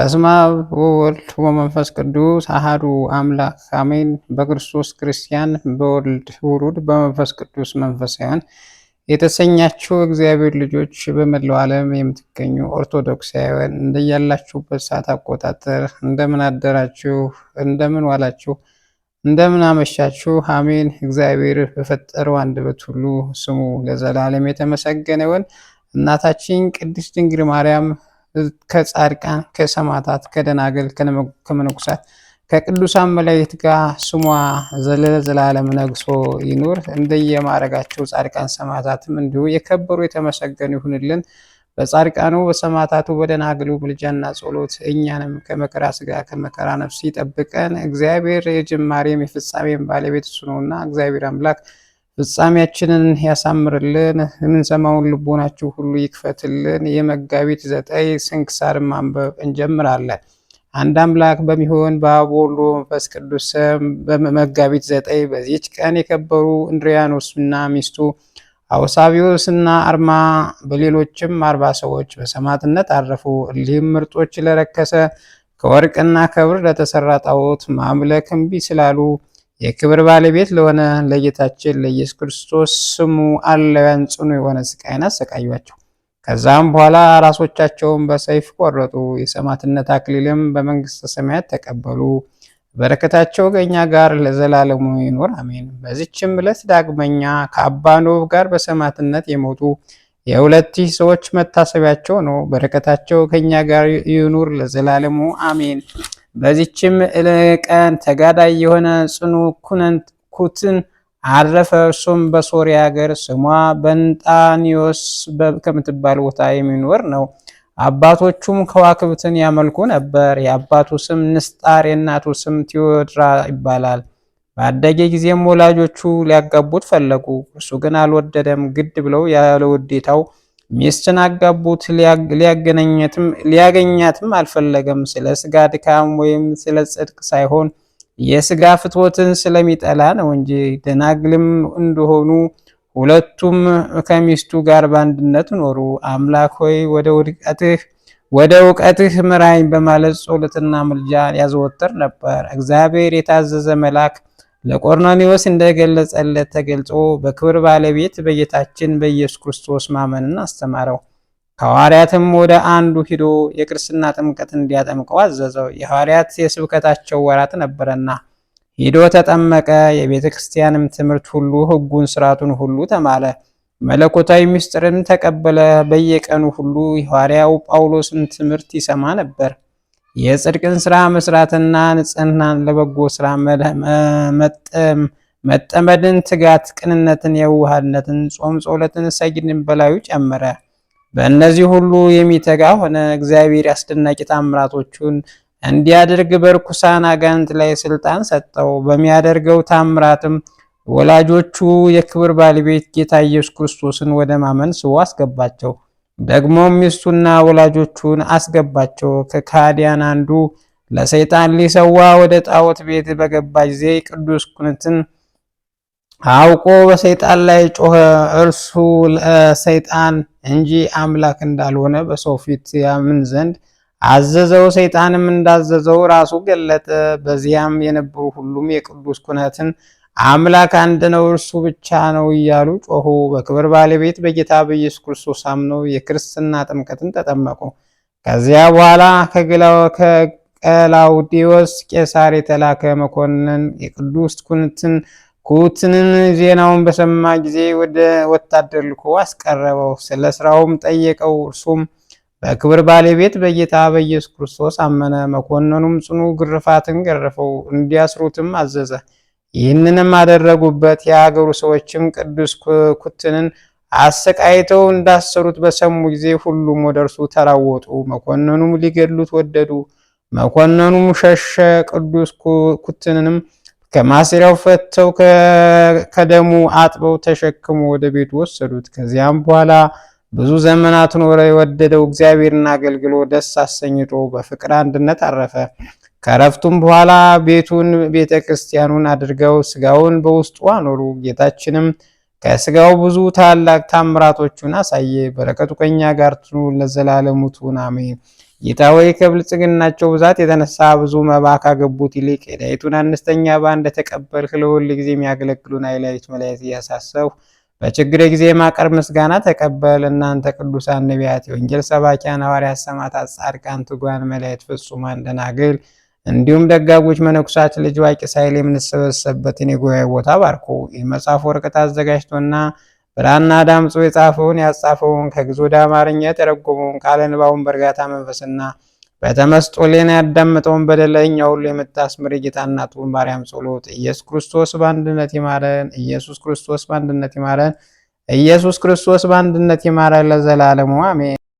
በስመ አብ ወወልድ ወመንፈስ ቅዱስ አህዱ አምላክ አሜን። በክርስቶስ ክርስቲያን በወልድ ውሉድ በመንፈስ ቅዱስ መንፈሳውያን የተሰኛችሁ እግዚአብሔር ልጆች በመላው ዓለም የምትገኙ ኦርቶዶክሳውያን እንደያላችሁበት ሰዓት አቆጣጠር እንደምን አደራችሁ? እንደምን ዋላችሁ? እንደምን አመሻችሁ? አሜን። እግዚአብሔር በፈጠረው አንደበት ሁሉ ስሙ ለዘላለም የተመሰገነ ይሁን። እናታችን ቅድስት ድንግል ማርያም ከጻድቃን ከሰማዕታት ከደናግል ከመነኮሳት ከቅዱሳን መላእክት ጋር ስሟ ዘለዘላለም ነግሶ ይኑር። እንደየማዕረጋቸው ጻድቃን ሰማዕታትም እንዲሁ የከበሩ የተመሰገኑ ይሁንልን። በጻድቃኑ በሰማዕታቱ በደናግሉ ምልጃና ጸሎት እኛንም ከመከራ ስጋ ከመከራ ነፍስ ይጠብቀን። እግዚአብሔር የጅማሬም የፍጻሜም ባለቤት እሱ ነውና እግዚአብሔር አምላክ ፍጻሜያችንን ያሳምርልን። የምንሰማውን ልቦናችሁ ሁሉ ይክፈትልን። የመጋቢት ዘጠኝ ስንክሳር ማንበብ እንጀምራለን። አንድ አምላክ በሚሆን በአብ ወልድ ቅዱስ ስም በመጋቢት ዘጠኝ በዚች ቀን የከበሩ እንድሪያኖስና ሚስቱ አውሳቢዮስ እና አርማ በሌሎችም አርባ ሰዎች በሰማዕትነት አረፉ። እሊህም ምርጦች ለረከሰ ከወርቅና ከብር ለተሰራ ጣዖት ማምለክ እምቢ ስላሉ የክብር ባለቤት ለሆነ ለጌታችን ለኢየሱስ ክርስቶስ ስሙ አለውያን ጽኑ የሆነ ስቃይን አሰቃዩአቸው። ከዛም በኋላ ራሶቻቸውን በሰይፍ ቆረጡ። የሰማዕትነት አክሊልም በመንግስተ ሰማያት ተቀበሉ። በረከታቸው ከእኛ ጋር ለዘላለሙ ይኑር አሜን። በዚችም ዕለት ዳግመኛ ከአባ ኖብ ጋር በሰማዕትነት የሞቱ የሁለት ሺህ ሰዎች መታሰቢያቸው ነው። በረከታቸው ከእኛ ጋር ይኑር ለዘላለሙ አሜን። በዚችም ቀን ተጋዳይ የሆነ ጽኑ ኩትን አረፈ። እርሱም በሶሪያ ሀገር ስሟ በንጣኒዮስ ከምትባል ቦታ የሚኖር ነው። አባቶቹም ከዋክብትን ያመልኩ ነበር። የአባቱ ስም ንስጣር፣ የእናቱ ስም ቴዎድራ ይባላል። በአደገ ጊዜም ወላጆቹ ሊያጋቡት ፈለጉ። እሱ ግን አልወደደም። ግድ ብለው ያለ ውዴታው ሚስትን አጋቡት። ሊያገኛትም አልፈለገም፣ ስለ ስጋ ድካም ወይም ስለ ጽድቅ ሳይሆን የስጋ ፍትወትን ስለሚጠላ ነው እንጂ። ደናግልም እንደሆኑ ሁለቱም ከሚስቱ ጋር በአንድነት ኖሩ። አምላክ ሆይ ወደ ውድቀትህ ወደ እውቀትህ ምራኝ በማለት ጸሎትና ምልጃ ያዘወትር ነበር። እግዚአብሔር የታዘዘ መልአክ ለቆርኔሌዎስ እንደገለጸለት ተገልጾ በክብር ባለቤት በጌታችን በኢየሱስ ክርስቶስ ማመንን አስተማረው። ከሐዋርያትም ወደ አንዱ ሂዶ የክርስትና ጥምቀት እንዲያጠምቀው አዘዘው። የሐዋርያት የስብከታቸው ወራት ነበረና ሂዶ ተጠመቀ። የቤተ ክርስቲያንም ትምህርት ሁሉ፣ ሕጉን ስርዓቱን ሁሉ ተማለ። መለኮታዊ ምስጢርን ተቀበለ። በየቀኑ ሁሉ የሐዋርያው ጳውሎስን ትምህርት ይሰማ ነበር። የጽድቅን ስራ መስራትና ንጽህናን ለበጎ ስራ መጠመድን፣ ትጋት፣ ቅንነትን፣ የዋህነትን፣ ጾም ጾለትን፣ ሰግድን በላዩ ጨመረ። በእነዚህ ሁሉ የሚተጋ ሆነ። እግዚአብሔር አስደናቂ ታምራቶቹን እንዲያደርግ በርኩሳን አጋንንት ላይ ስልጣን ሰጠው። በሚያደርገው ታምራትም ወላጆቹ የክብር ባለቤት ጌታ ኢየሱስ ክርስቶስን ወደ ማመን ስቦ አስገባቸው። ደግሞም ሚስቱና ወላጆቹን አስገባቸው። ከካዲያን አንዱ ለሰይጣን ሊሰዋ ወደ ጣዖት ቤት በገባ ጊዜ ቅዱስ ኩነትን አውቆ በሰይጣን ላይ ጮኸ። እርሱ ለሰይጣን እንጂ አምላክ እንዳልሆነ በሰው ፊት ያምን ዘንድ አዘዘው። ሰይጣንም እንዳዘዘው ራሱ ገለጠ። በዚያም የነበሩ ሁሉም የቅዱስ ኩነትን አምላክ አንድ ነው እርሱ ብቻ ነው እያሉ ጮሁ። በክብር ባለቤት በጌታ በኢየሱስ ክርስቶስ አምነው የክርስትና ጥምቀትን ተጠመቁ። ከዚያ በኋላ ከቀላውዲዮስ ቄሳር የተላከ መኮንን የቅዱስ ኩንትን ኩትንን ዜናውን በሰማ ጊዜ ወደ ወታደር ልኮ አስቀረበው። ስለ ስራውም ጠየቀው። እርሱም በክብር ባለቤት በጌታ በኢየሱስ ክርስቶስ አመነ። መኮንኑም ጽኑ ግርፋትን ገረፈው፣ እንዲያስሩትም አዘዘ። ይህንንም አደረጉበት። የአገሩ ሰዎችም ቅዱስ ኩትንን አሰቃይተው እንዳሰሩት በሰሙ ጊዜ ሁሉም ወደ እርሱ ተራወጡ። መኮንኑም ሊገድሉት ወደዱ። መኮንኑም ሸሸ። ቅዱስ ኩትንንም ከማሰሪያው ፈተው ከደሙ አጥበው ተሸክሞ ወደ ቤቱ ወሰዱት። ከዚያም በኋላ ብዙ ዘመናት ኖረ። የወደደው እግዚአብሔርን አገልግሎ ደስ አሰኝቶ በፍቅር አንድነት አረፈ። ከረፍቱም በኋላ ቤቱን ቤተ ክርስቲያኑን አድርገው ስጋውን በውስጡ አኖሩ። ጌታችንም ከስጋው ብዙ ታላቅ ታምራቶቹን አሳየ። በረከቱ ከኛ ጋር ትኑር ለዘላለሙ ትሁን አሜን። ጌታ ሆይ ከብልጽግናቸው ብዛት የተነሳ ብዙ መባ ካገቡት ይልቅ የዳይቱን አነስተኛ ባ እንደተቀበልህ ለሁል ጊዜ የሚያገለግሉን አይላዊት መላእክት እያሳሰብሁ በችግር ጊዜ ማቀር ምስጋና ተቀበል። እናንተ ቅዱሳን ነቢያት፣ የወንጌል ሰባኪያን ሐዋርያት፣ ሰማዕታት፣ ጻድቃን፣ ትጉሃን መላእክት፣ ፍጹማን ደናግል እንዲሁም ደጋጎች መነኩሳት ልጅ ዋቂ ሳይል የምንሰበሰብበትን የጉባኤ ቦታ ባርኮ የመጽሐፍ ወረቀት አዘጋጅቶና ብራና ዳምጾ የጻፈውን ያጻፈውን ከግዕዝ ወደ አማርኛ የተረጎመውን ቃለ ንባቡን በእርጋታ መንፈስና በተመስጦ ሌና ያዳምጠውን በደለኛ ሁሉ የምታስምር የጌታ እናቱ ማርያም ጸሎት ኢየሱስ ክርስቶስ በአንድነት ይማረን፣ ኢየሱስ ክርስቶስ በአንድነት ይማረን፣ ኢየሱስ ክርስቶስ በአንድነት ይማረን፣ ለዘላለሙ አሜን።